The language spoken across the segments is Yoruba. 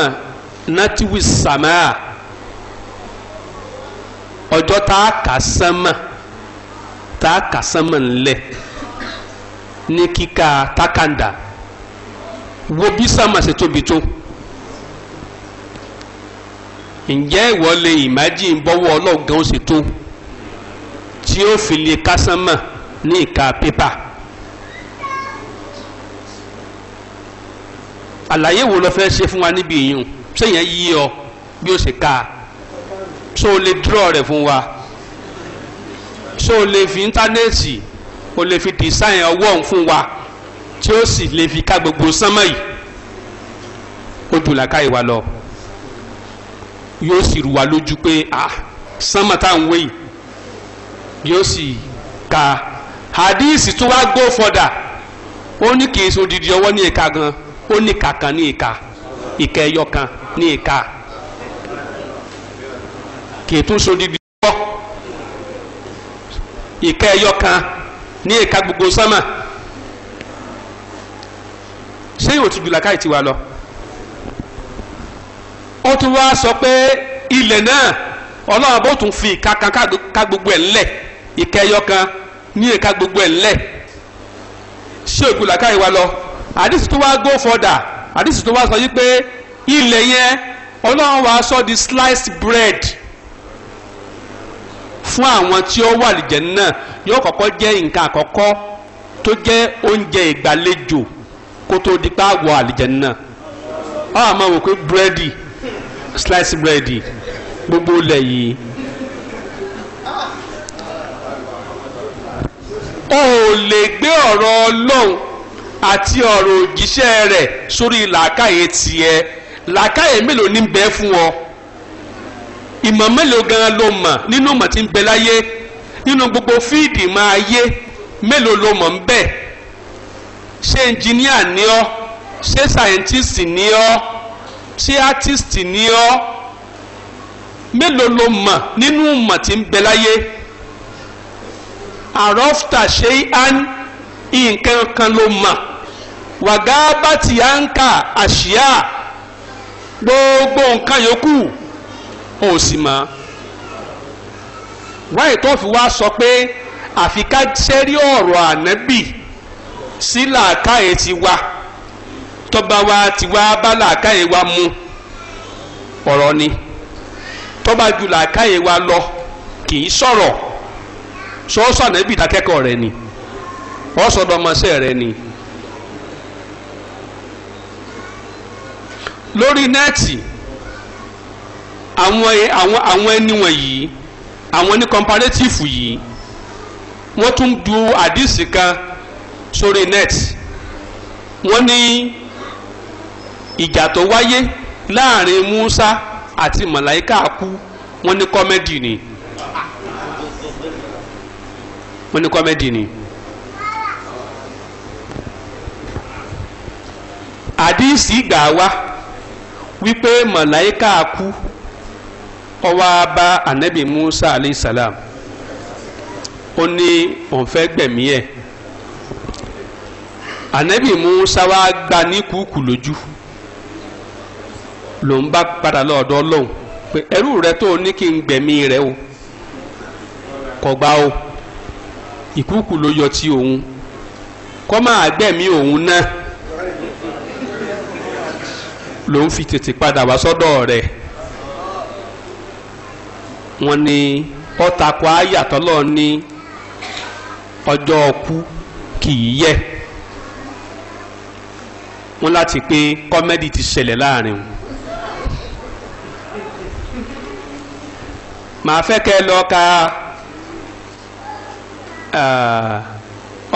yawma natiwi samaa ọjọ tá a kà sánmà tá n'ikika ní takanda wo bi sama ṣe tóbi tó ǹjẹ́ ìwọ lè imagine bọ́wọ́ ọlọ́gán ṣe tó tí ó fi lè ká ní ìka pépà. àlàyé wo lọ fẹ́ ṣe fún wa níbi ìyún sẹ́yìn yí ọ bí ó ṣe ká so o lè draw rẹ̀ fún wa so o lè fi íńtánẹ́ẹ̀tì o lè fi design ọwọ́ òun fún wa tí ó sì lè fi ká gbogbo sánmọ́ yìí ó jù làkàyè wa lọ yóò sì rú wa lójú pé ah sánmọ́ tá à ń wé yìí yóò sì ka hadith tó wá go further ó ní kì í sọ odidi ọwọ́ ní ẹ̀ka gan-an ó ní ìka kan ní ìka ìka ẹyọ kan ní ìka kì í tún sódìdì gbọ́ ìka ẹyọ kan ní ìka gbogbo sánmà ṣé yóò ti jù làkàì tiwa lọ ó tún wá sọ pé ilẹ̀ náà ọlọ́run bó tún fi ìka kan ká gbogbo ẹ̀ ńlẹ̀ ìka kan ní ìka gbogbo ẹ̀ ńlẹ̀ ṣé òkú làkàì wa lọ àdìsí tó wá go further àdìsí tó wá sọ yìí pé ilẹ̀ yẹn ọlọ́run wàá sọ di sliced bread fún àwọn tí ó wà lìjẹ́ náà yóò kọ́kọ́ jẹ́ nǹkan àkọ́kọ́ tó jẹ́ oúnjẹ ìgbàlejò kó tó di pa àwọ̀ àlìjẹ́ náà ọ̀ àmọ́ wò pé búrẹ́dì sliced búrẹ́dì gbogbo ilẹ̀ yìí o ò lè gbé ọ̀rọ̀ ọlọ́run àti ọ̀rọ̀ òjíṣẹ́ rẹ̀ sórí làákàyè tiẹ̀ làákàyè mélòó ní bẹ fún ọ ìmọ̀ mélòó gan ló mọ̀ nínú mọ̀ tí ń bẹ láyé nínú gbogbo fíìdì máa yé mélòó ló mọ̀ ń bẹ ṣé ẹnjìníà ni ọ́ ṣé sáyẹ́ntìsì ni ọ́ ṣé átìsì ni ọ́ mélòó ló mọ̀ nínú mọ̀ tí ń bẹ láyé àrọ́fta ṣe án nǹkan kan ló mọ̀ wàgábàtì ànkà àṣìá gbogbo nǹkan yòókù ò sì mọ́ wáyé tó fi wá sọ pé àfi ọ̀rọ̀ ànábì sí làákàyè ti wá tọ́ba wa ti wá bá làákàyè wa mu ọ̀rọ̀ ni tọ́ba ju làákàyè wa lọ kì í sọ̀rọ̀ sọ́ọ́sọ́ ànábì dákẹ́kọ̀ọ́ rẹ ni ọ̀sọ̀dọ̀mọṣẹ́ rẹ ni. So, so, lórí nẹ́ẹ̀tì àwọn àwọn àwọn ẹni wọ̀nyí àwọn ní kọmparétífù yìí wọ́n tún du àdìsí kan sórí nẹ́ẹ̀tì wọ́n ní ìjà tó wáyé láàrin Musa àti màláíkà kú wọ́n ní kọ́mẹ́dì ni wọ́n ní kọ́mẹ́dì ni. àdìsí gbà wá wípé màláìka kú ó wá bá anabi musa alayhi salam ó ní òun fẹ́ gbẹ̀mí ẹ̀ anabi musa wá gba ní kúkú lójú lòun bá padà lọ́dọ̀ ọlọ́run pé ẹrú rẹ tó ní kí n gbẹ̀mí rẹ o kọgbà o ìkúkú ló yọ ti òun kọ́ máa gbẹ̀mí òun náà lòun fi tètè padà wá sọ́dọ̀ rẹ̀ wọ́n ní ọ̀tàkùn ayàtọ̀ lọ ní ọjọ́ ọkú kì í yẹ wọ́n láti pé kọ́mẹ́dì ti ṣẹlẹ̀ láàrin wọn. màá fẹ́ kẹ́ lọ ka ah,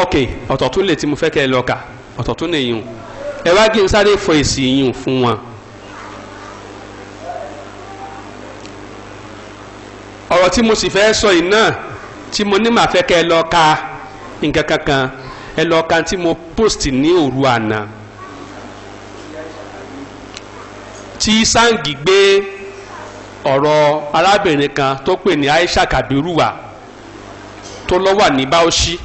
ok ọ̀tọ̀ tún lè tí mo fẹ́ kẹ́ lọ ka ọ̀tọ̀ tún lè yùn ẹ wá kí n sáré fọ èsì yìí fún wọn. ọ̀rọ̀ tí mo sì fẹ́ sọ yìí náà tí mo ní màá fẹ́ kẹ́ ẹ lọ ka nǹkan kankan ẹ lọ ka tí mo post ní òru àná tí sangi gbé ọ̀rọ̀ arábìnrin kan tó pè ní Aisha Kabiru wa tó lọ wà ní Bauchi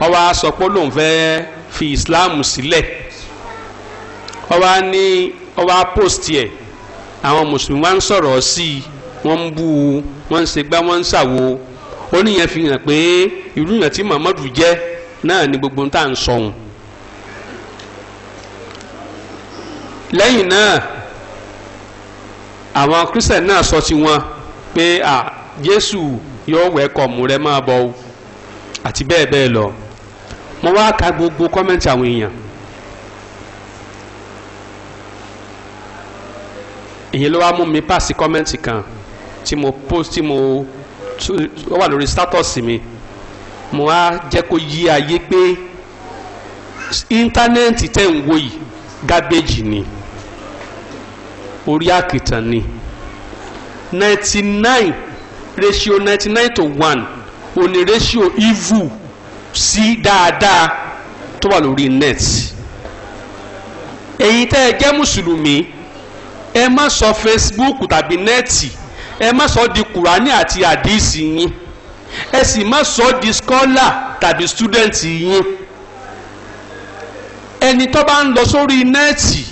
wọ́n wá sọ pé lòun fẹ́ fi Islam sílẹ̀. Si ọba ní ọba post yẹ àwọn mùsùlùmí wa ń sọ̀rọ̀ sí i wọ́n ń bú u wọ́n ń ṣègbà wọ́n ń ṣàwo ó níyẹn fi hàn pé irú yẹn tí Muhammadu jẹ́ náà ni gbogbo tá à ń sọ̀hún. lẹ́yìn náà àwọn christian náà sọ ti wọn pé à Jésù yóò wẹ́kọ̀mù rẹ máa bọ̀ àti bẹ́ẹ̀ bẹ́ẹ̀ lọ mo wá ka gbogbo kọ́mẹ́ǹtì àwọn èèyàn èyí ló wá mú mi pàṣẹ kọ́mẹ́ǹtì kan tí mo post tí mo ó wà lórí status mi mo á jẹ́ kó yí ayé pé íńtánẹ́ẹ̀tì tẹ̀ ń wò yìí gábéjì ni orí àkìtàn ni ninety nine ratio ninety nine to one òní ratio evil sí dáadáa tó wà lórí net èyí tẹ́ ẹ jẹ́ mùsùlùmí. ẹ má sọ Facebook tàbí nẹ́ẹ̀tì ẹ má sọ di kùránì àti àdìsí yín ẹ sì má sọ di scholar tàbí student yín ẹni tó bá ń lọ sórí nẹ́ẹ̀tì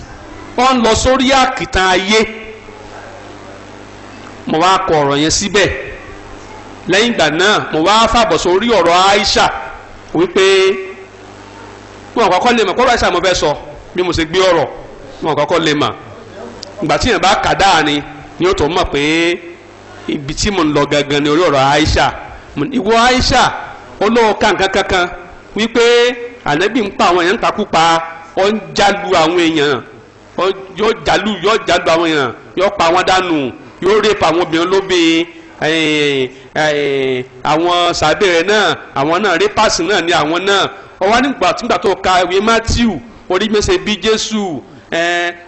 ó ń lọ sórí àkìtàn ayé mo wá kọ ọ̀rọ̀ yẹn síbẹ̀ lẹ́yìn ìgbà náà mo wá fàbọ̀ sórí ọ̀rọ̀ Aisha wípé wọn kọ́kọ́ lè mọ̀ kọ́rọ̀ Aisha mo fẹ́ sọ bí mo ṣe gbé ọ̀rọ̀ wọn kọ́kọ́ lè mọ̀. ìgbà tí yẹn bá kà dáa ni ni ó tó mọ̀ pé ibi tí mo ń lọ gangan ni orí ọ̀rọ̀ Aisha ìwọ Aisha olówó kankan kankan wípé ànábì ń pa àwọn èèyàn ń takú pa ọ ń jálu àwọn èèyàn yóò jálu yóò jálu àwọn èèyàn yóò pa wọn dànù yóò rèpa àwọn obìnrin olóbìn àwọn sàbẹ̀ rẹ̀ náà àwọn náà répàsì náà ni àwọn náà ọwọ́ nígbà tó ka ìwé Matthew orí mẹ́sẹ̀ bí Jésù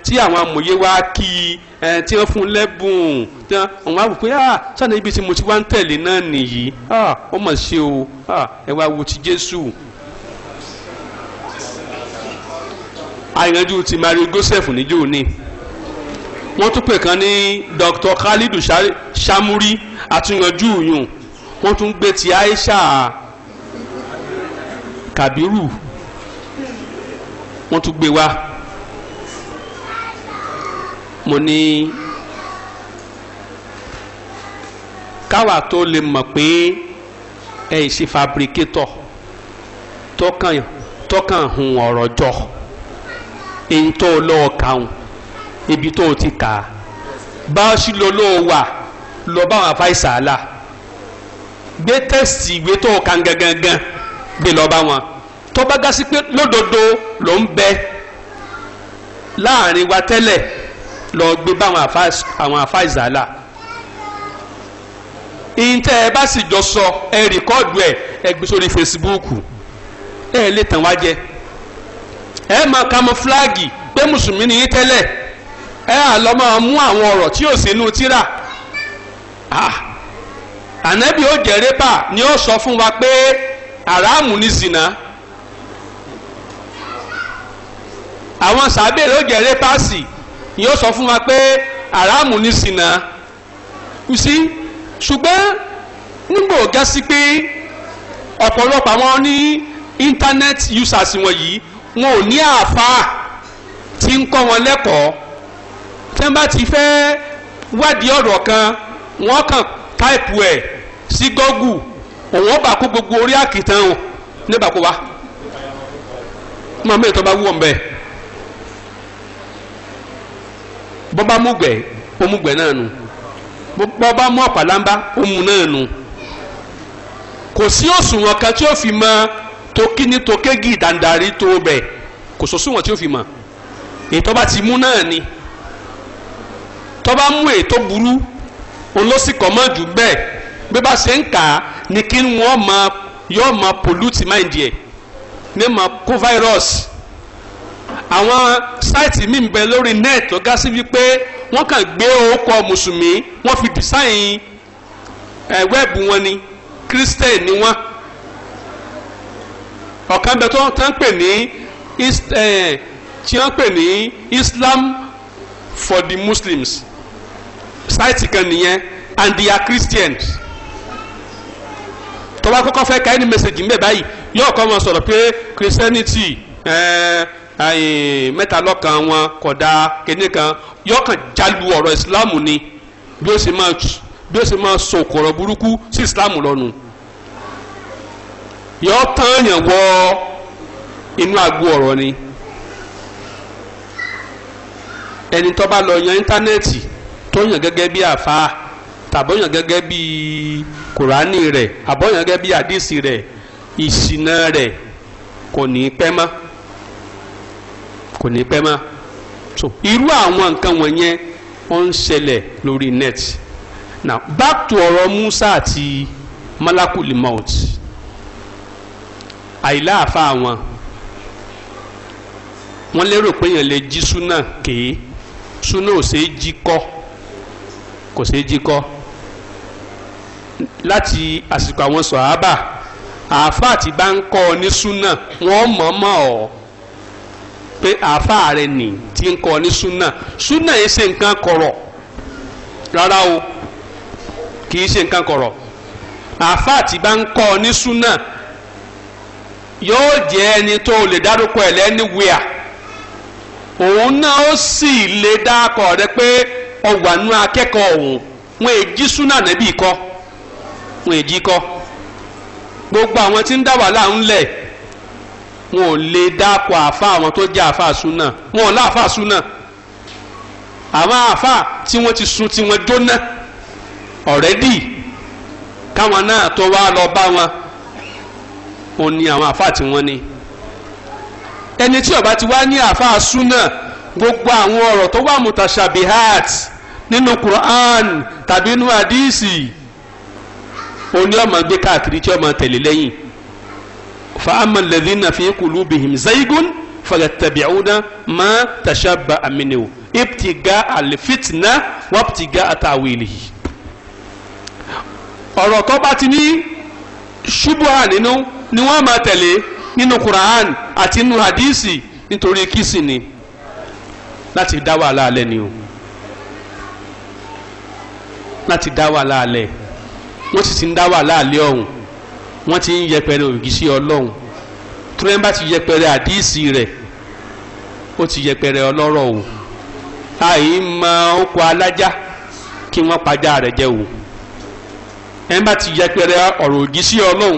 tí àwọn amòye wá kí i tí wọ́n fún lẹ́bùn tí wọ́n wá wò pé sani ah, ibi tí mo ti wá ń tẹ̀lé náà nìyí ah, ó mà ṣe o ah, ẹ wá wo ti Jésù. àyànjú ti Mario Joseph níjó ni wọ́n tún pè kan ní Dr. Khalidu Shamuri àtúnyànjú yùn wọ́n tún gbé ti Aisha Kabiru wọ́n tún gbé wá mo ní káwa tó lè mọ̀ pé ẹ ì ṣe fabricator tọkàn tọkàn hun ọ̀rọ̀ jọ èyí tó lọ́ọ́ kàún ibi tó ti kà á bá a ṣì lọ lọ́ọ́ wà lọ bá àwọn afáìsà àlà gbé tẹ́sì ìwé tó kàn gangan gbé lọ bá wọn tó bá gá sí pé lódodo ló ń bẹ láàrin wa tẹ́lẹ̀ lọ gbé bá àwọn àfa ìzàlà ìyíntẹ́ ẹ bá sì jọ sọ ẹ rìkọ́ọ̀dù ẹ ẹ gbé sórí fesibúùkù ẹ lè tàn wá jẹ ẹ máa kamọfúláàgì pé mùsùlùmí ni yín tẹ́lẹ̀ ẹ à lọ máa mú àwọn ọ̀rọ̀ tí ò sí inú tírà ó jẹ́ rébà ni ó sọ fún wa pé àràmù ni zina àwọn sàbẹ̀rẹ̀ ó jẹ́ rébà sí i yóò sọ fún wa pé aráàmù ní sinà kù sí ṣùgbọ́n nígbò gẹ́sí pé ọ̀pọ̀lọpọ̀ àwọn ní internet users wọn yìí wọn ò ní àáfàá tí ń kọ́ wọn lẹ́kọ̀ọ́ tí wọ́n bá ti fẹ́ wádìí ọ̀rọ̀ kan wọ́n kàn táìpù ẹ̀ sí Google òun ọba kó gbogbo orí àkìtàn ò nígbà kó wa mọ̀ mí ìtọ́ bá wù ọ́ bọ́bá múgbẹ́ ó múgbẹ́ náà nu bọ́bá mú ọ̀pálámbá ó mú náà nu kò sí òṣùwọ̀n kan tí ó fi mọ tokíní tokégi dandari tó bẹ̀ kò sòṣùwọ̀n tí ó fi mọ ètò bá ti mú náà ni tọ́ba mú ètò burú olóṣìkọ́ mọ́ jù bẹ́ẹ̀ bí bá ṣe ń kà á ni kí wọ́n máa yọ máa pollute mind yẹ ní máa kó virus àwọn sáìtì míì bẹ lórí net tó gá sí wípé wọ́n kàn gbé orúkọ mùsùlùmí wọ́n fi design ẹ̀ wẹ́ẹ̀bù wọn ni christian ni wọ́n ọ̀kan bẹ tó ń pè ní tí wọ́n pè ní Islam for the Muslims sáìtì kan nìyẹn and they are Christians tó bá kọ́kọ́ fẹ́ ka ẹni mẹ́sẹ̀gì mbẹ́ báyìí yóò kọ́ mọ sọ̀rọ̀ pé Christianity mẹ́ta lọ́kàn wọn kódà kínní kan yọkàn jalu ọ̀rọ̀ islamu ni bí ó sì máa bí ó sì máa sọ òkòrò burúkú sí yọ tán yàn wọ inú agbo ọ̀rọ̀ ni ẹni tó lọ yan íńtánẹ́ẹ̀tì tó yàn gẹ́gẹ́ bí àfáà tàbọ̀yàn gẹ́gẹ́ bí kùránì rẹ̀ àbọ̀yàn gẹ́gẹ́ bí àdìsí rẹ̀ rẹ̀ kò ní pẹ́ kò ní pẹ́ mọ́ so irú àwọn nǹkan wọ̀nyẹn ó ń ṣẹlẹ̀ lórí net now back to ọ̀rọ̀ Musa àti malakuli maut àìláàfà wọn wọ́n lérò pé èèyàn lè jí súnà kéé súnà ò ṣeé jí kọ́ kò ṣeé jí kọ́ láti àsìkò àwọn sọ̀hábà àáfàá ti bá ń kọ́ ọ ní súnà wọ́n mọ̀ọ́mọ̀ ọ́ pé àáfàá rẹ nì tí ń kọ́ ní súnà súnà yẹn ṣe nǹkan kọ̀rọ̀ rárá o kì í ṣe nǹkan kọ̀rọ̀ àáfàá tí bá ń kọ́ ní súnà yóò jẹ́ ẹni tó lè dárúkọ ẹ̀ lẹ́niwíà òun náà ó sì lè dákọ̀ rẹ pé ọgbà nú akẹ́kọ̀ọ́ òun wọn èjì súnà nẹ́bí kọ wọn èjì gbogbo àwọn tí ń dá wàhálà wọn ò lè dápọ̀ àfa àwọn tó jẹ́ àfa súnà wọn ò láàfa súnà àwọn àfa tí wọ́n ti sun tí wọ́n jóná ọ̀rẹ́dì káwọn náà tó wá lọ bá wọn ò ní àwọn àfa tí wọ́n ní ẹni tí ọba ti wá ní àfa súnà gbogbo àwọn ọ̀rọ̀ tó wà mutashabihat nínú Quran tàbí nínú hadisi òní ọmọ gbé káàkiri tí ọmọ tẹ̀lé lẹ́yìn فأما الذين في قلوبهم زيغ فيتبعون ما تشبه منه ابتغاء الفتنة وابتغاء تأويله ọ̀rọ̀ tó bá ti ní ṣubuha nínú ni wọ́n máa tẹ̀lé nínú Quran àti nínú hadisi nítorí kìsì ni láti dá wàhálà alẹ́ ni o láti dá wàhálà alẹ́ wọ́n sì ti ń dá wàhálà alẹ́ ọ̀hún wọ́n ti ń yẹpẹrẹ ògìsí ọlọ́run tùrẹ́mbà ti yẹpẹrẹ àdíìsì rẹ̀ ó ti yẹpẹrẹ ọlọ́rọ̀ o àyè mọ oko alájà kí wọ́n padà rẹ̀ jẹ́ o ẹ̀mbà ti yẹpẹrẹ ọ̀rọ̀ ògìsí ọlọ́run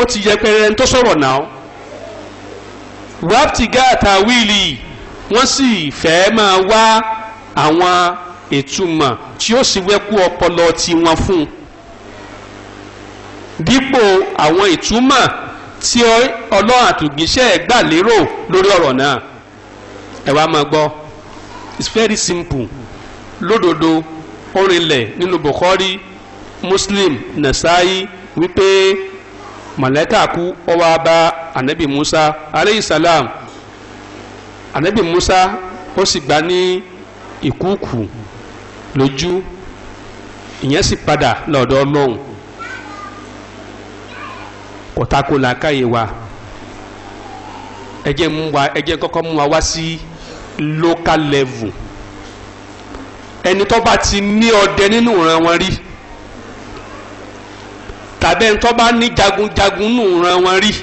ó ti yẹpẹrẹ ẹni tó sọ̀rọ̀ náà raptiga àtàwíìlì wọ́n sì fẹ́ máa wá àwọn ìtumọ̀ tí ó sì wẹ́kú ọpọlọ tiwọn fún un dípò àwọn ìtumọ̀ tí ọlọ́run àtògìṣẹ́ gbà lérò lórí ọ̀rọ̀ náà ẹ wá máa gbọ́ it's very simple lódodo orinlẹ̀ nínú Bukhari Muslim Nasai wípé mọ̀lẹ́kà kú ó wá anabi Musa aleyhi salam anabi Musa ó sì gbà ní ìkúùkù lójú ìyẹn sì padà lọ́dọ̀ ọlọ́run kọ̀tako làákàyè wa ẹ jẹ́ mú wa ẹ jẹ́ kọ́kọ́ mú wa wá local level ẹni tó bá ti ní ọdẹ nínú ìran wọn rí tàbí ẹni tó bá ní jagunjagun nínú ìran wọn rí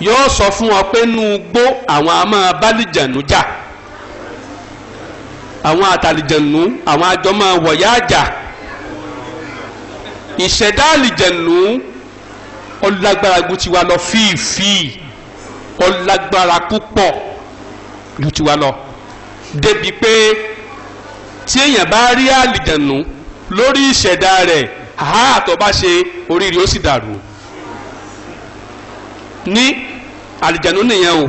yóò sọ fún wọn pé nínú igbó àwọn a máa bálìjànú àwọn àtàlìjànú àwọn àjọ máa wọ̀yá àjà ìṣẹ̀dá ọlágbára ju tiwa lọ fífíì ọlágbára púpọ̀ ju tiwa lọ débi pé tí èèyàn bá rí àlìjànù lórí ìṣẹ̀dá rẹ̀ àá àtọ̀ bá ṣe oríire ó sì dàrú ní àlìjànù nìyẹn o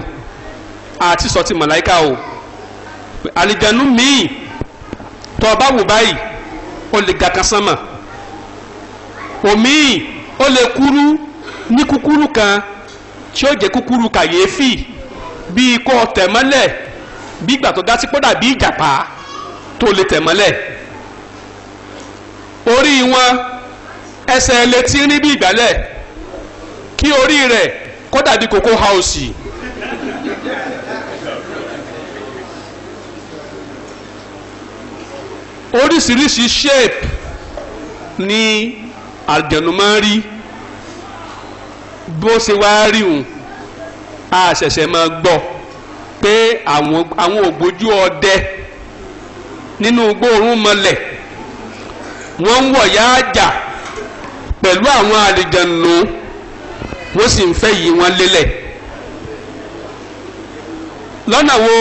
àti sọtì màláíkà o àlìjànù míì tọ́ ọ bá wò báyìí ó lè ga kan sánmà òmíì ó lè kúrú ní kúkúrú kan tí ó jẹ́ kúkúrú kàyéfì bíi kó o tẹ̀ mọ́lẹ̀ bí ìgbà tó ga sí pọ́dà bí ìjàpá tó lè tẹ̀mọ́lẹ̀ orí wọn ẹsẹ̀ létí rí bí ìgbálẹ̀ kí orí rẹ̀ kọ́dà dàbí kòkó haùsì. oríṣiríṣi shape ni àjẹ̀nù rí. bó ṣe wá rí òun a ṣẹ̀ṣẹ̀ máa gbọ́ pé àwọn ògbójú ọdẹ nínú gbóòórùn mọlẹ̀ wọ́n ń wọ̀ yá àjà pẹ̀lú àwọn àlìjànù wọ́n sì ń fẹ́ yí wọn lélẹ̀ lọ́nà wo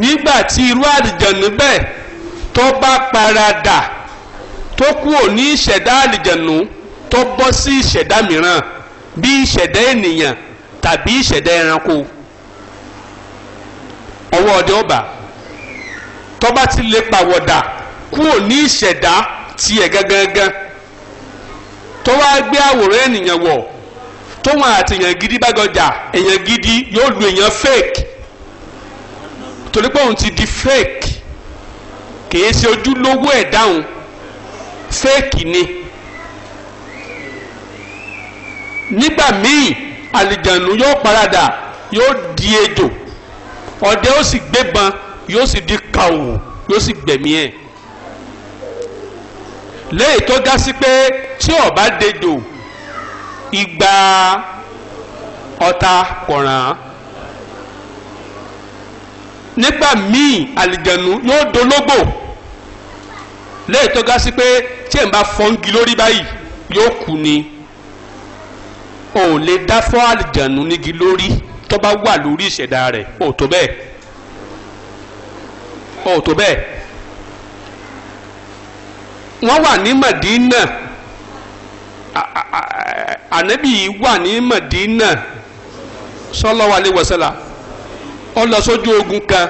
nígbà tí irú àlìjànù bẹ́ẹ̀ tó bá paradà tó kúrò ní ìṣẹ̀dá àlìjànù tó bọ́ sí ìṣẹ̀dá mìíràn bí ìṣẹ̀dá ènìyàn tàbí ìṣẹ̀dá ẹranko ọwọ́ ọdẹ ọba tọ́ba ti lè pàwọ̀dà kúrò ní ìṣẹ̀dá tiẹ̀ gangan tó wá gbé àwòrán ènìyàn wọ̀ tóun àti èèyàn gidi bá gọjà èèyàn gidi yóò lu èèyàn fake torí pé òun ti di fake kì í ṣe ojúlówó ẹ̀ dáhùn fake ni. nígbà míì àlìjànú yóò parada yóò di ejò ọdẹ ó sì gbébọn yóò sì di kàwù yóò sì gbẹ̀mí ẹ̀ léyìí tó ga sí pé tí ó bá dejò ìgbà ọ̀tá kọ̀ràn nígbà míì àlìjànú yóò dológbò léyìí tó ga sí pé tí ẹ̀ ń bá fọ́ngi lórí báyìí yóò kú ni ò lè dá fọ́ àlìjànú nígi lórí tó bá wà lórí ìṣẹ̀dá rẹ̀ ò tó bẹ́ẹ̀ ò tó bẹ́ẹ̀ wọ́n wà ní Madina ànábì wà ní Madina sallallahu alaihi wasallam ó lọ sójú ogun kan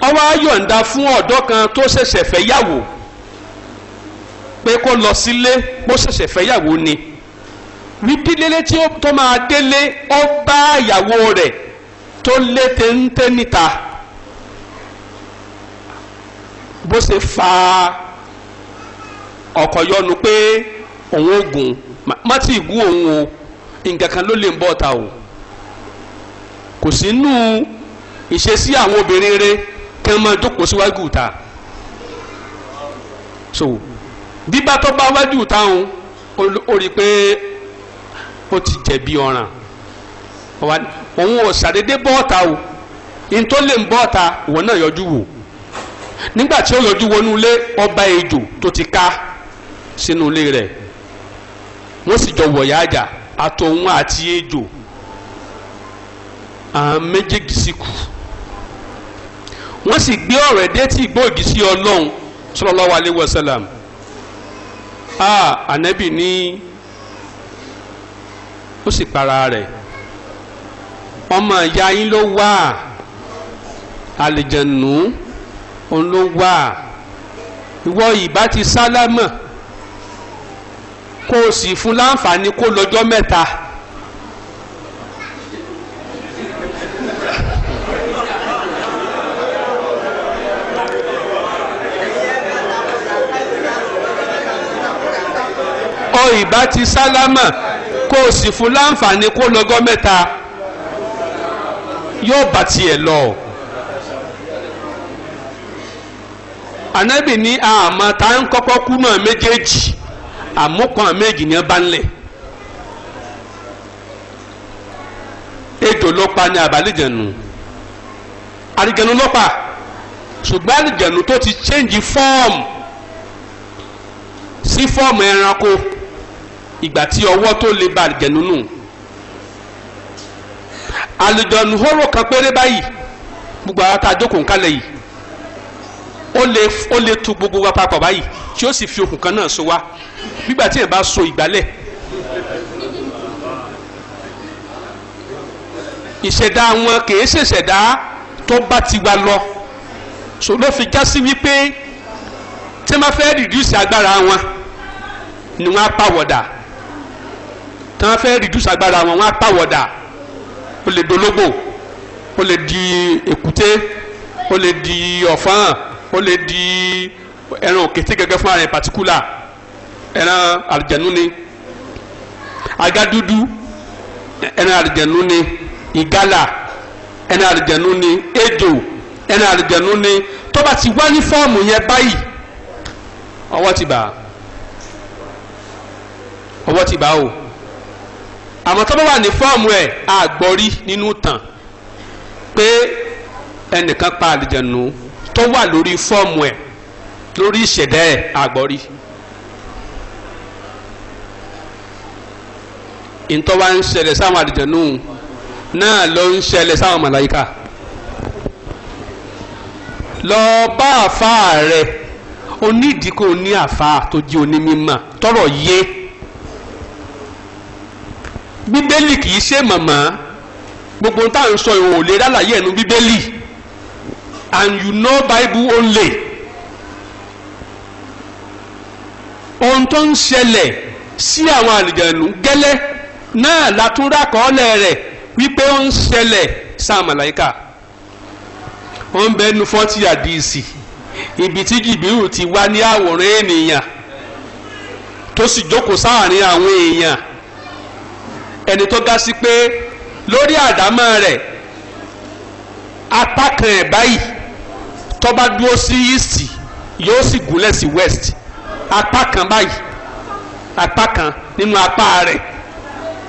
ó wá yọ̀ǹda fún ọ̀dọ́ kan tó ṣẹ̀ṣẹ̀ fẹ́ yàwó pé kó lọ sílé kó ṣẹ̀ṣẹ̀ fẹ́ yàwó ni nídílélé tí ó tó máa délé ó bá ìyàwó rẹ̀ tó lé téńté níta bó ṣe fa ọkọ yọnu pé òun ò gùn má tí ì gún òun o nǹkan kan ló lè ń bọ̀ ta o kò sínú ìṣesí àwọn obìnrin rẹ̀ kí wọ́n máa jókòó síwájú ìta so bíbá tó bá wájú ìta òun ó rí i pé ó ti jẹ̀bi ọ̀ràn òun ò ṣàdédé bọ́ọ̀ta o in tó lè ń bọ́ọ̀ta ìwọ náà yọjú wò nígbà tí ó yọjú wọnú ilé ọba ejò tó ti ká sínú ilé rẹ̀ wọ́n sì jọ wọ̀yà àjà àtòun àti ejò àwọn méjèèjì sì kù wọ́n sì gbé ọ̀rọ̀ ẹ̀dẹ́ tí ìgbóògì sí ọlọ́run sallallahu alaihi wasallam ah ànábì ní ó sì para rẹ̀ ọmọ ìyá yín ló wà àlìjẹ̀nù òun ló wà ìwọ ìbá ti sálámà kó o sì fún láǹfààní kó lọ́jọ́ mẹ́ta. ìbá ti sálámà kó o sì fún láǹfààní kó lọ́gọ́ mẹ́ta yóò bá tiẹ̀ lọ. ànábì ní àmọ́ tá ń kọ́kọ́ kú mọ́ méjèèjì àmúkan méjì ní bá ńlẹ̀. ejò ló pa ní àbálẹ̀jẹ̀nu àlìjẹ̀nu ló ṣùgbọ́n àlìjẹ̀nu tó ti ṣéǹjì fọ́ọ̀mù sí fọ́ọ̀mù ẹranko ìgbà tí ọwọ́ tó lè ba àlìjẹ̀nu nù àlìjẹ̀nu hóró kan péré báyìí gbogbo àwọn tá a jókòó nkálẹ̀ yìí ó lè ó lè tu gbogbo wa papọ̀ báyìí tí ó sì fi okùn kan náà so wa nígbà tí yẹn bá so ìgbálẹ̀ ìṣẹ̀dá wọn kì í ṣèṣẹ̀dá tó bá ti wa lọ so ló fi já sí wípé tí wọ́n fẹ́ rìdíùsì agbára wọn ni wọ́n á pàwọ̀dà tí wọ́n fẹ́ reduce agbára wọn wọ́n á pàwọ̀dà ó lè dológbò ó lè di èkúté ó lè di ọ̀fọ́n ó lè di ẹran òkété gẹ́gẹ́ fún ara ẹ̀ particular ẹran àlùjànnú ni àga dúdú ẹran àlùjànnú ni ìgalà ẹran àlùjànnú ni ejò ẹran àlùjànnú ni tó bá ti wá ní fọ́ọ̀mù yẹn báyìí ọwọ́ ti bá ọwọ́ ti bá o àmọ́ tó bá wà ní fọ́ọ̀mù ẹ̀ àgbọ̀rí nínú tàn pé ẹnìkan pa àlìjẹ̀nù tó wà lórí fọ́ọ̀mù ẹ̀ lórí ìṣẹ̀dá ẹ̀ àgbọ̀rí. ìtọ́ wa ń ṣẹlẹ̀ sáwọn àlìjẹ̀nù náà ló ń ṣẹlẹ̀ sáwọn màláyíkà lọ bá àfa rẹ̀ onídìí kò ní àfa tó jí onímọ̀ tọrọ yé. bíbélì kì í ṣe màmá gbogbo tá à ń sọ ìwò lè rálàyé ẹnu bíbélì and you know bible only ohun tó ń ṣẹlẹ̀ sí àwọn àlìjẹ̀nù gẹ́lẹ́ náà látúndà kọ́ọ́lẹ̀ rẹ̀ wípé ó ń ṣẹlẹ̀ sáà màláìka ó ń bẹ́ẹ̀ nu àdìsí ibi tí jìbìrù ti wá ní àwòrán ènìyàn tó sì jókòó sáàárín àwọn èèyàn. ẹni tó ga sí pé lórí àdámọ́ rẹ̀ apá kan ẹ̀ báyìí tó dúró sí east yóò sì gúnlẹ̀ sí west apá kan báyìí apá kan nínú apá rẹ̀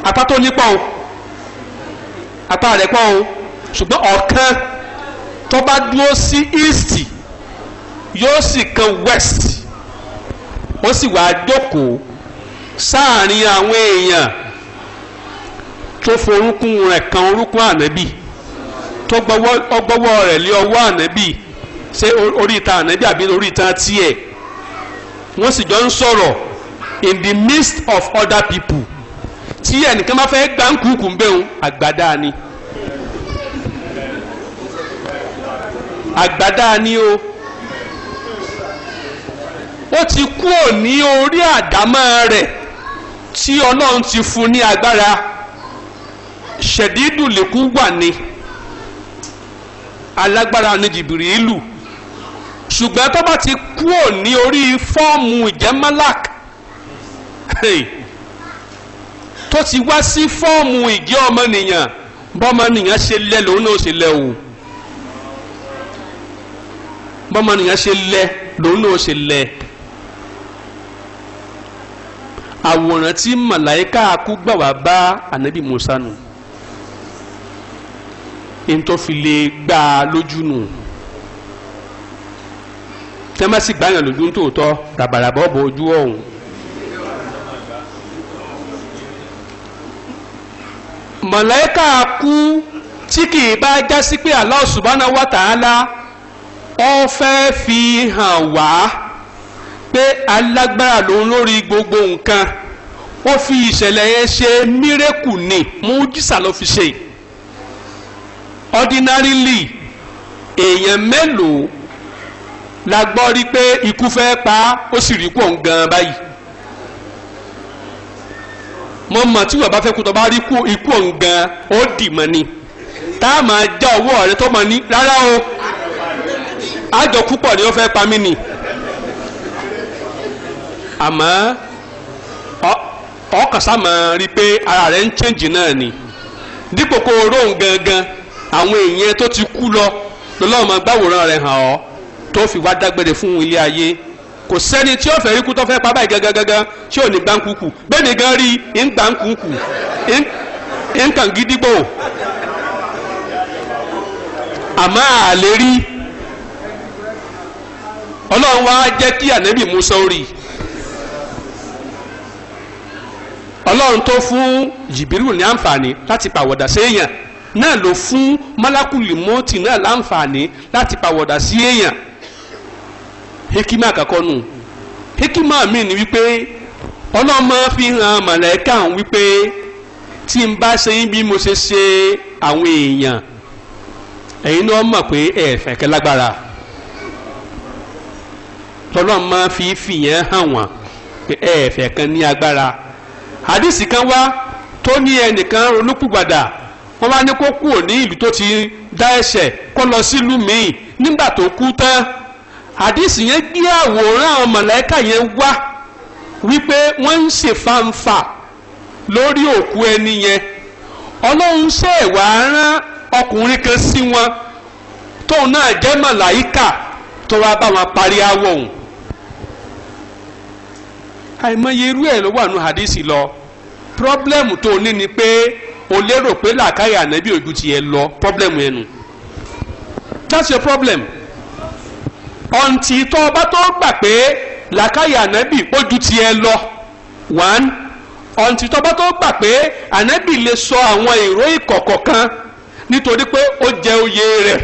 apá tó nípa o apá rẹ̀ pọ̀ ṣùgbọ́n ọ̀kan tó dúró sí east yóò sì kan west ó sì wá jókòó sáàárín àwọn èèyàn tó forúkún rẹ̀ kan orúkún ànábì tó gbọ́wọ́ rẹ̀ lé ọwọ́ ànábì ṣé orí ìta àbí orí tiẹ̀ wọ́n sì jọ ń sọ̀rọ̀ in the midst of other people tí ẹnìkan bá fẹ́ gbá ń kúkú bẹ́ẹ̀ àgbàdá ni àgbàdá ni o ó ti kúrò ní orí àdámọ́ rẹ̀ tí ọlọ́run ti fún ní agbára ṣẹ̀dídù lèkú wà ní alágbára ní jìbìrìlù ṣùgbọ́n tó bá ti kúò ní orí fọ́ọ̀mù ìjẹ́ malak tó ti wá sí fọ́ọ̀mù ìjẹ́ ọmọnìyàn bọ́mọnìyàn ṣe lẹ́ lòun náà ṣe lẹ́ o bọ́mọnìyàn ṣe lẹ́ lòun náà ṣe lẹ́ àwòrán tí màláíkà kú gbà wá bá ànábì Musa nù n tó fi lè gbà á lójú nù tẹ́mẹ́sì gbàyàn lójú ń tòótọ́ ràbàràbà ọ̀bọ̀ ojú ọ̀hún. mọ̀lẹ́kà kú tí kì í bá jásí pé Allah subhanahu wa ta'ala ó fẹ́ fi hàn wá pé alágbára lòun lórí gbogbo nǹkan ó fi ìṣẹ̀lẹ̀ yẹn ṣe mírèkù ni mú jísà ló fi ṣe yìí. ordinarily èèyàn mélòó la gbọ́ rí pé ikú fẹ́ pa á ó sì rí pọ̀ ń gan báyìí mo mọ̀ tí wọ́n bá fẹ́ kú tó bá rí ikú ọ̀hún gan ó dì mọ́ ni tá a máa já ọwọ́ rẹ tó mọ̀ ní rárá o àjọ púpọ̀ ni ó fẹ́ pa mí ni àmọ́ ọkàn sá máa rí pé ara rẹ̀ ń chẹ́ǹjì náà ni dípò kó o gangan àwọn èèyàn tó ti kú lọ lọ́lọ́mọ gbàwòrán rẹ hàn ọ́ tó fi wá dágbére fún ilé ayé kò sẹ́ni tí ó fẹ́ rí kú tó fẹ́ pa báyìí gangan gangan tí ò ní gbáǹkùkù bẹ́ẹ̀ ni gan rí ń gbáǹkùkù ń kàn gídígbò àmọ́ àlè rí ọlọ́run wá jẹ́ kí ànábì Mùsá orí ọlọ́run tó fún jìbìrù ní àǹfààní láti pàwọ̀dà séèyàn. náà ló fún mọ́lákùlì mọ́tì náà láǹfààní láti pàwọ̀dà sí èèyàn hekima àkọ́kọ́ nù hekima mi ni wípé ọlọ́mọ fi hàn mọ̀lẹ́kà wípé tí n bá ṣe yín bí mo ṣe ṣe àwọn èèyàn ẹ̀yin náà mọ̀ pé ẹ̀fẹ̀ kẹ́ lágbára tọ́lọ́mọ fi fìyẹn hàn wọ́n pé ẹ̀fẹ̀ kan ní agbára àdìsí kan wá tó ní ẹnìkan ronúpùgbàdà wọ́n wá ní kó ní ìlú tó ti dá ẹ̀ṣẹ̀ kó lọ sílùú míì nígbà tó kú tán àdìsí yẹn gbé àwòrán àwọn mọ̀lẹ́kà yẹn wípé wọ́n ń ṣe fanfa lórí òkú ẹni yẹn ọlọ́run ṣe arán ọkùnrin kan sí wọn tóun náà jẹ́ mọ̀láyíkà tó wá wọn parí awọ òun àìmọye irú ẹ̀ ló lọ pírọ́blẹ́mù tó ní ni o lérò pé làákàyè ànábì ojú ti ẹ lọ pọ́blẹ́mù ẹnu that's your problem ọ̀ǹtì tó ọba tó gbà pé làákàyè ànábì ojú ti ẹ lọ one ọ̀ǹtì tó ọba tó gbà pé ànábì lè sọ àwọn èrò ìkọ̀kọ̀ kan nítorí pé ó jẹ oyè rẹ̀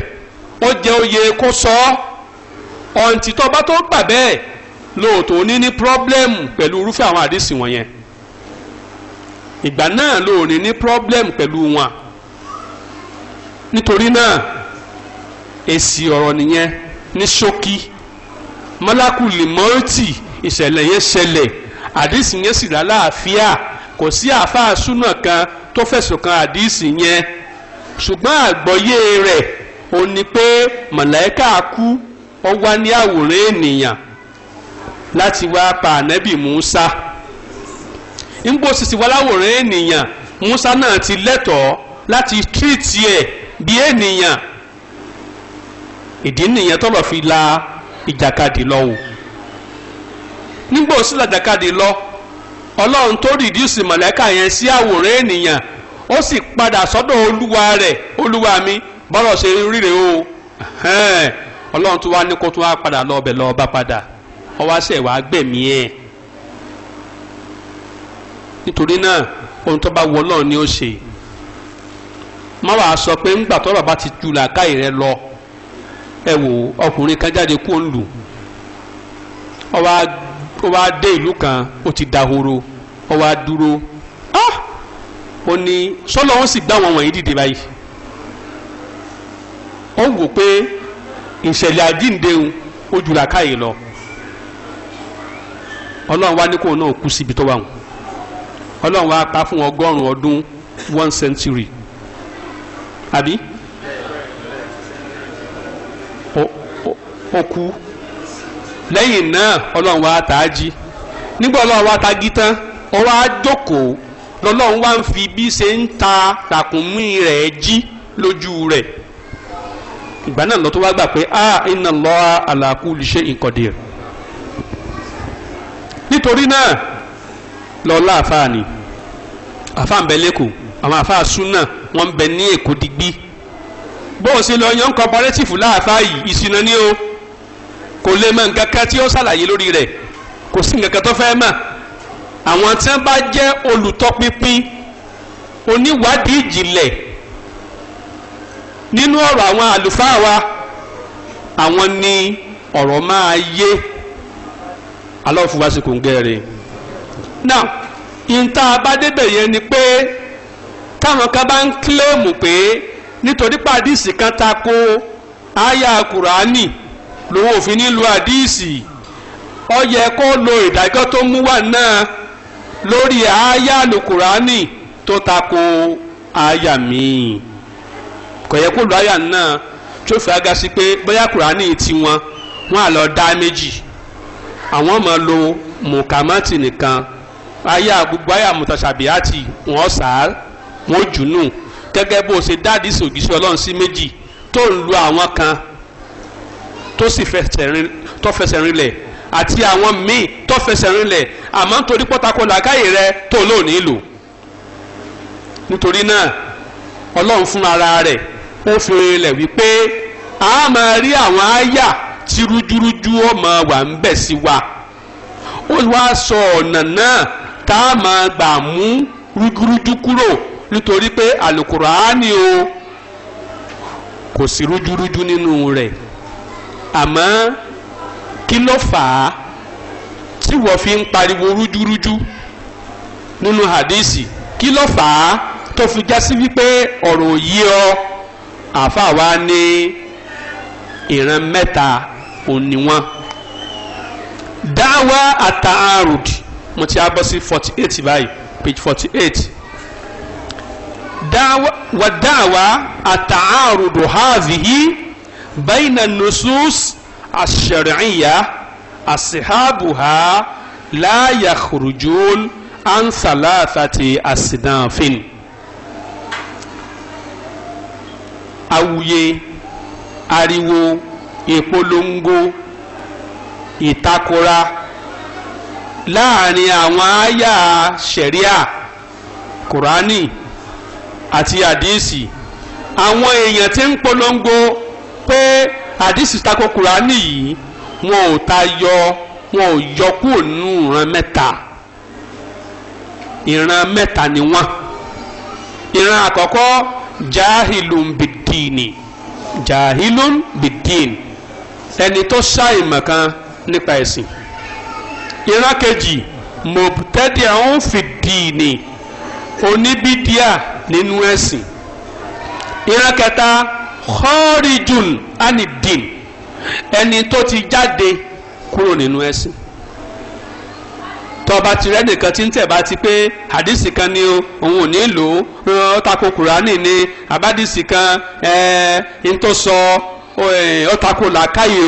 ó jẹ oyè kó sọ ọ́ ọ̀ǹtì tó ọba tó gbà bẹ́ẹ̀ lóòótọ́ ní ní pírọ́blẹ́mù pẹ̀lú irúfẹ́ àwọn àdìsí wọ̀nyẹn ìgbà náà ló ní ní problem pẹ̀lú wọn nítorí náà èsì ọ̀rọ̀ nìyẹn ní ṣókí mọ́lákù lèmọ́rìtì ìṣẹ̀lẹ̀ yẹn ṣẹlẹ̀ àdìsí yẹn sì lálàáfíà kò sí àáfàá súnà kan tó fẹ̀sùn kan àdìsí yẹn ṣùgbọ́n àgbọ́yé rẹ̀ ó ní pé mọ̀lẹ́kà kú ó wá ní àwòrán ènìyàn láti wá pa ànábì Musa. ńgbó sisi wàláwòrán ènìyàn Musa náà ti leto láti tírìtì ẹ̀ bí ènìyàn ìdí nìyẹn tọ́lọ̀ fi la ìjàkadì lọ o nígbà òsì lọ ọlọ́run tó rìdíùsì mọ̀lẹ́kà yẹn sí àwòrán ènìyàn ó sì padà sọ́dọ̀ olúwa rẹ̀ olúwa mi bọ́rọ̀ ṣe ríre o ọlọ́run tó wá ní kó tó wá padà lọ́ọ́ bẹ̀ lọ́ọ́ bá padà ọwọ́ àṣẹ nítorí náà ohun tó bá wọ náà ni ó ṣe má wàá sọ pé ńgbà tó bàbá ti ju làákàyè rẹ lọ ẹ wò ọkùnrin kan jáde kó ń lù ó wá dé ìlú kan ó ti dahoro ó wá dúró ah! ó ní sọ́lọ́ wọn sì gbá wọn wọ̀nyí dìde báyìí ó wò pé ìṣẹ̀lẹ̀ àjíǹdeun ó ju làákàyè lọ ọlọ́run wá ní kóun náà kú síbi tó wà wọn. ọlọ́run wá pa fún ọgọ́rùn-ún ọdún one century àbí ó lẹ́yìn náà ọlọ́run wá a jí nígbà ọlọ́run wá tagi tán ó wá jókòó lọ́lọ́run wá ń fi bí ṣe ń ta ràkúnmí rẹ̀ jí lójú rẹ̀ ìgbà náà lọ tó wá gbà pé ah ala nítorí náà. lọ́lá àfáà ni àfáà ń bẹ lẹ́kọ̀ọ́ àwọn àfáà súnà wọ́n ń bẹ ní èkó digbí bó o sì lọ yan cooperative láàfáà yìí ìṣìnà ni o kò lè mọ nǹkan kan tí ó ṣàlàyé lórí rẹ̀ kò sí nǹkan kan tó fẹ́ mọ̀ àwọn tí wọ́n bá jẹ́ olùtọ́pinpin oníwádìí ìjìnlẹ̀ nínú ọ̀rọ̀ àwọn àlùfáà wa àwọn ni ọ̀rọ̀ máa yé alọ́ fún wa sí kò ń gẹ́rẹ́ now ìta abádébẹ̀ yẹn ni pé táwọn kan bá ń kílèmù pé nítorí pàdísì kan ta ko àyà kùránì lòun òfin ní lu àdíìsì ó yẹ kó lo ìdájọ́ tó mú wà náà lórí àyà lùkùránì tó ta ko àyà míì kò yẹ kó lo àyà náà tó fi aga sí pé bóyá kùránì tiwọn wọn à lọ dá méjì àwọn máa lo mùkàmátì nìkan aya gbogbo aya mutashabiati wọn sá wọn jùnú gẹ́gẹ́ bó ṣe dáàdì sògìṣẹ́ ọlọ́run sí méjì tó ń lu àwọn kan tó sì fẹsẹ̀ rinlẹ̀ àti àwọn míì tó fẹsẹ̀ rinlẹ̀ àmọ́ nítorí pọ́tàkó làákàyè rẹ tó lò nílò nítorí náà ọlọ́run fún ara rẹ̀ ó fi rinlẹ̀ wípé a máa rí àwọn àyà tí rújúrújú ó máa ń bẹ̀ sí wa ó wá sọ ọ̀nà náà tá a máa gbà mú rújúrújú kúrò nítorí pé àlùkùránì o kò sí rújúrújú nínú rẹ̀ àmọ́ kí ló fà á tí wọ́n fi ń pariwo rújúrújú nínú hadisi kí ló fà á tó fi já sí wípé ọ̀rọ̀ yí ọ àfa wa ní ìran mẹ́ta òní wọn dáwà àtàárùdì mo ti á bọ́ sí forty eight báyìí page forty eight wàdáwà àtàárùdù hàvìhí bẹ́ẹ̀nà nusus àṣẹ̀rìnyà àṣìhábùhà láàyà kùrùjún ansàlàfàtì àṣìdánfin. awuye ariwo ìpolongo ìtakora. E láàrin àwọn àyà ṣẹ̀ríà kùránì àti àdìsí àwọn èèyàn tí ń polongo pé àdìsí tako kùránì yìí wọn ò ta yọ wọn ò yọ kúrò nínú ìran mẹ́ta ìran mẹ́ta ni wọ́n ìran àkọ́kọ́ jahilun bidini jahilun bidini ẹni tó ṣàìmọ̀ kan nípa ẹ̀sìn ìran kejì mọ̀tẹ́díà ń fìdí ni oníbídíà nínú ẹ̀sìn ìran kẹta kọ́ọ̀rìjùn ánìdìn ẹni tó ti jáde kúrò nínú ẹ̀sìn tọba tirẹ nìkan tí ń tẹ̀bá ti pé hadisi kan ni o òun ò ní lò ó ọ̀tako kùránì ni abadisi kan ń tó sọ ọ̀tako làákàyè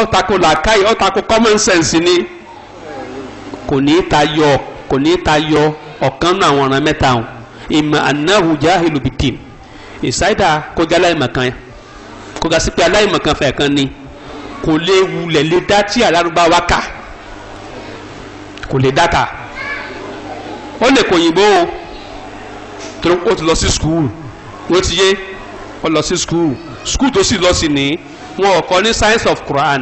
ọ̀tako làákàyè ọ̀tako common sense ni kò ní í tayọ kò ní í tayọ ọ̀kan nínú àwọn ọ̀ràn mẹ́ta ọ̀hún ìmọ̀ anáhùn jahilu bìtìm ìsáyidà kó jẹ́ aláìmọ̀kan yẹn kó ga sí pé aláìmọ̀kan fẹ̀ kan ni kò lè wulẹ̀ lè dá tí alárúbáwá kà kò lè dá kà ó lè kò yìnbó o torí ó ti lọ sí skul ó ti yé ó lọ sí skul skul tó sì lọ sí ni wọn ò kọ́ ní science of Quran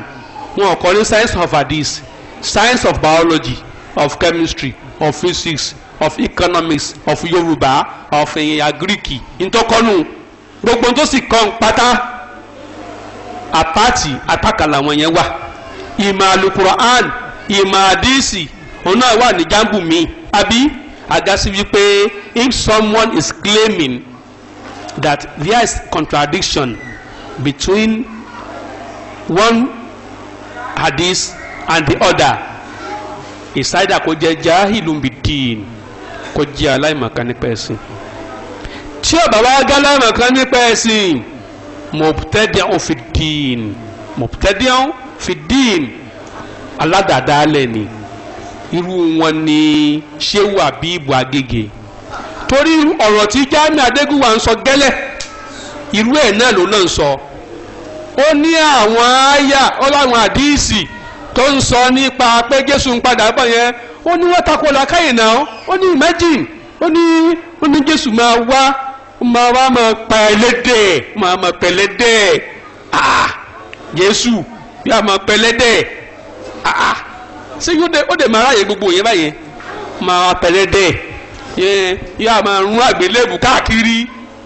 wọn ò kọ́ ní science of hadith science of biology of chemistry of physics of economics of Yoruba, of ìyá greek ntọ́kọ́nù gbogbo tó sì kọ́ pátá àpáàtì apákà làwọn yẹn wà ìmọ̀ alukura'an ìmọ̀ àdìsí òun wà ní jambu mi àbí àgàsí wípé if someone is claiming that there is contradiction between one hadith and the other ìsáyidà kò jẹ́ jahilun bidin kò jẹ́ aláìmọ̀kan nípa ẹ̀sìn tí ọba wa gá aláìmọ̀kan nípa ẹ̀sìn mubtadi'un fi din mubtadi'un fi din aládàádáálẹ̀ ni irú wọn ni Shehu Abibu Agége torí ọ̀rọ̀ tí Jamiu Adégúnwà ń sọ gẹ́lẹ́ irú ẹ̀ náà ló náà ń sọ ó ní àwọn àyà ó láwọn àdíìsì tó ń sọ nípa pé jésù ń padà bọ̀ yẹn ó ní wọ́n takò làkàyè náà ó ní imagine ó ní ó ní jésù máa wá máa wá máa pa ẹlẹ́dẹ̀ máa máa pa ah jésù yóò máa pa ah, ẹlẹ́dẹ̀ ah ṣé yóò dé ó dé máa ráyè gbogbo yẹn báyẹn máa pa ẹlẹ́dẹ̀ yẹn yóò máa rún àgbélébù káàkiri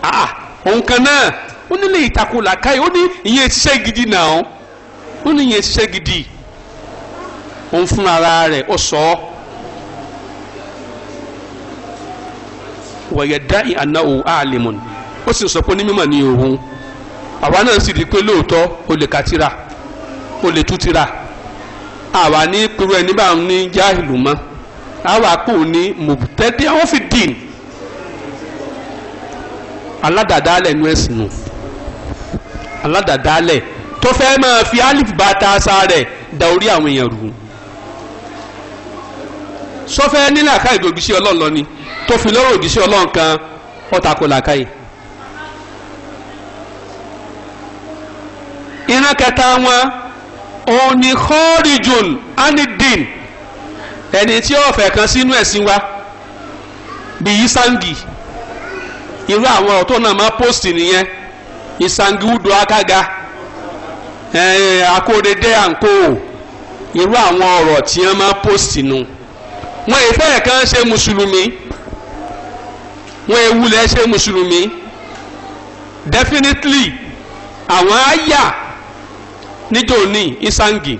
ah, ah. òun kan náà ó nílé ìtakò làkàyè ó ní ìyẹn ṣiṣẹ́ gidi náà ó ní ìyẹn ṣiṣẹ́ gidi òun fún ara rẹ̀ ó sọ ọ́ wọ̀yẹ̀ dá ìhànà òun àlèmọ̀ ó sì sọ pé onímọ̀ ni òun àwa náà sì rí i pé lóòótọ́ o lè kátìrà o lè tútìrà àwa ní kúrò ẹni bá ní jáìlú mọ́ àwa kò ní mùtẹ́tẹ́ àwọn fi dìn aládàdálẹ̀ nu ẹ̀sìn nù aládàdálẹ̀ tó fẹ́ máa fi alif bá ta sa rẹ̀ da orí àwọn èèyàn rù ú sọfẹ́ ní làákàyè gbòògì sí ọlọ́run lọ ni tó fi lọ́rọ̀ òdì sí ọlọ́run kan ọ̀tàkùn làákàyè. ìran kẹta wọn òun ni kọ́ọ̀rìjùn anidin ẹni tí ó fẹ́ kan sínú ẹ̀sìn wa bíi isangi irú àwọn ọ̀tọ̀ náà máa post nìyẹn isangi udo akaga akóredé àǹkó irú àwọn ọ̀rọ̀ tí wọ́n máa post nù. No wọn èfẹ́ kan ṣe mùsùlùmí wọn ewúlẹ̀ ṣe mùsùlùmí definitely àwọn àyà níjọ́ ní isangi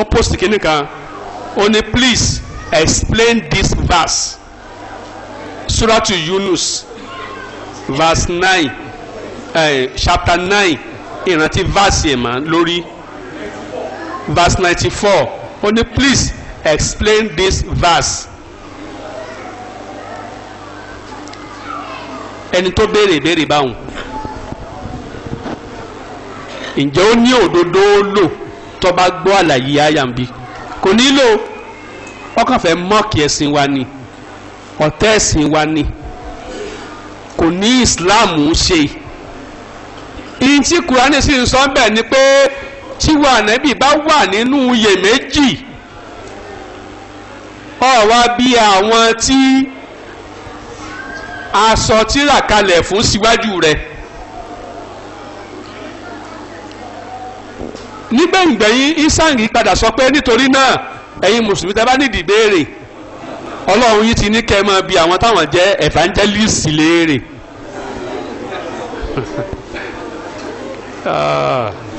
ó post kìíní kan ó ní please explain this verse suratu yunus verse nine eh, chapter nine ìrántí verse yẹn mà lórí verse ninety four ó ní please explain this verse. ẹni tó béèrè ìbéèrè báwọn ǹjẹ́ ó ní òdodo lò tó bá gbọ́ àlàyé àyàmbi kò nílò ọkàn fẹ́ mọ́ọ̀kì ẹ̀sìn wa ni ọ̀tẹ́ ẹ̀sìn wa ni kò ní Islam ń ṣe ìyìn tí kùránì sì ń sọ bẹ́ẹ̀ ni pé tí wàhánẹ́bì bá wà nínú iyèméjì ọ wá bí àwọn tí aṣọ tí rà kalẹ̀ fún síwájú rẹ̀ nígbẹ̀yìngbẹ̀yìn isangi padà sọ pé nítorí náà ẹ̀yin mùsùlùmí tẹ́ bá nídìí béèrè ọlọ́run yìí ti ní kẹ́ ẹ máa bi àwọn táwọn jẹ́ evangelist léèrè. ah.